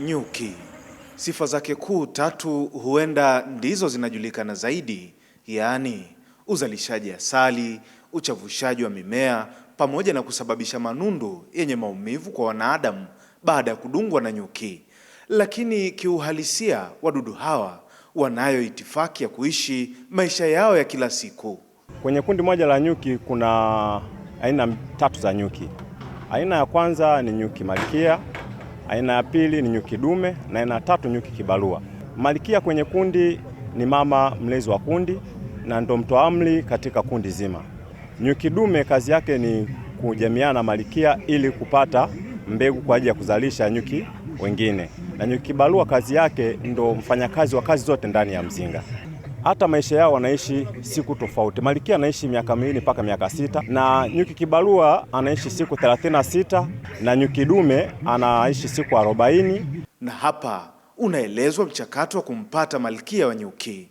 nyuki. Sifa zake kuu tatu huenda ndizo zinajulikana zaidi, yaani uzalishaji asali, uchavushaji wa mimea pamoja na kusababisha manundu yenye maumivu kwa wanadamu baada ya kudungwa na nyuki. Lakini kiuhalisia, wadudu hawa wanayo itifaki ya kuishi maisha yao ya kila siku. Kwenye kundi moja la nyuki kuna aina tatu za nyuki. Aina ya kwanza ni nyuki malkia aina ya pili ni nyuki dume na aina ya tatu nyuki kibarua. Malkia kwenye kundi ni mama mlezi wa kundi na ndo mtoa amri katika kundi zima. Nyuki dume kazi yake ni kujamiana na malkia ili kupata mbegu kwa ajili ya kuzalisha nyuki wengine, na nyuki kibarua kazi yake ndo mfanyakazi wa kazi zote ndani ya mzinga hata maisha yao wanaishi siku tofauti. Malkia anaishi miaka miwili mpaka miaka sita na nyuki kibarua anaishi siku 36 na nyuki dume anaishi siku 40. Na hapa unaelezwa mchakato wa kumpata malkia wa nyuki.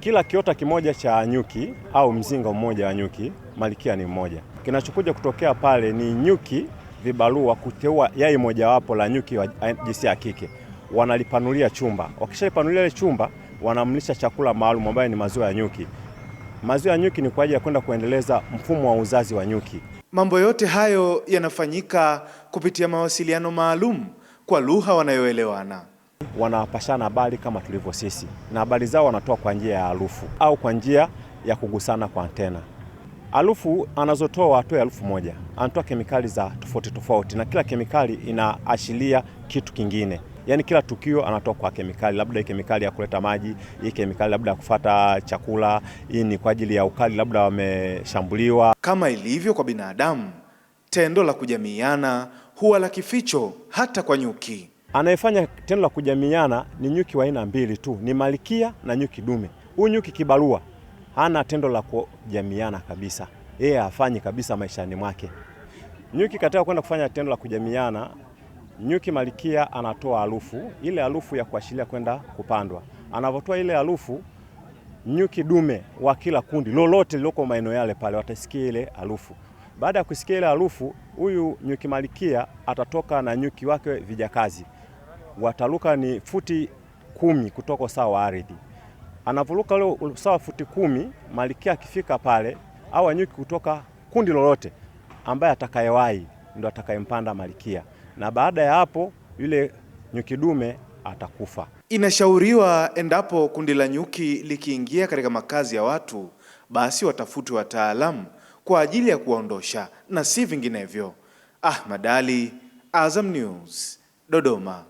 Kila kiota kimoja cha nyuki au mzinga mmoja wa nyuki, malkia ni mmoja. Kinachokuja kutokea pale ni nyuki vibarua kuteua yai mojawapo la nyuki wa jinsia ya kike, wanalipanulia chumba. Wakishalipanulia ile chumba wanamlisha chakula maalum ambayo ni maziwa ya nyuki. Maziwa ya nyuki ni kwa ajili ya kwenda kuendeleza mfumo wa uzazi wa nyuki. Mambo yote hayo yanafanyika kupitia mawasiliano maalum kwa lugha wanayoelewana. wanapashana habari kama tulivyo sisi, na habari zao wanatoa kwa njia ya harufu au kwa njia ya kugusana kwa antena. Harufu anazotoa atoe harufu moja, anatoa kemikali za tofauti tofauti, na kila kemikali inaashiria kitu kingine yani kila tukio anatoa kwa kemikali, labda hii kemikali ya kuleta maji, hii kemikali labda ya kufata chakula, hii ni kwa ajili ya ukali, labda wameshambuliwa. Kama ilivyo kwa binadamu, tendo la kujamiiana huwa la kificho hata kwa nyuki. Anayefanya tendo la kujamiiana ni nyuki wa aina mbili tu, ni malikia na nyuki dume. Huyu nyuki kibarua hana tendo la kujamiiana kabisa, yeye hafanyi kabisa maishani mwake. Nyuki katika kwenda kufanya tendo la kujamiiana nyuki malikia anatoa harufu ile, harufu ya kuashiria kwenda kupandwa. Anavyotoa ile harufu, nyuki dume wa kila kundi lolote liloko maeneo yale pale watasikia ile harufu. Baada ya kusikia ile harufu, huyu nyuki malikia atatoka na nyuki wake vijakazi, wataruka ni futi kumi kutoka usawa wa ardhi. Anavuruka leo usawa futi kumi, malikia akifika pale, au nyuki kutoka kundi lolote ambaye atakayewahi ndo atakayempanda malikia na baada ya hapo yule nyuki dume atakufa. Inashauriwa endapo kundi la nyuki likiingia katika makazi ya watu, basi watafutwe wataalamu kwa ajili ya kuwaondosha na si vinginevyo. Ahmad Ali, Azam News, Dodoma.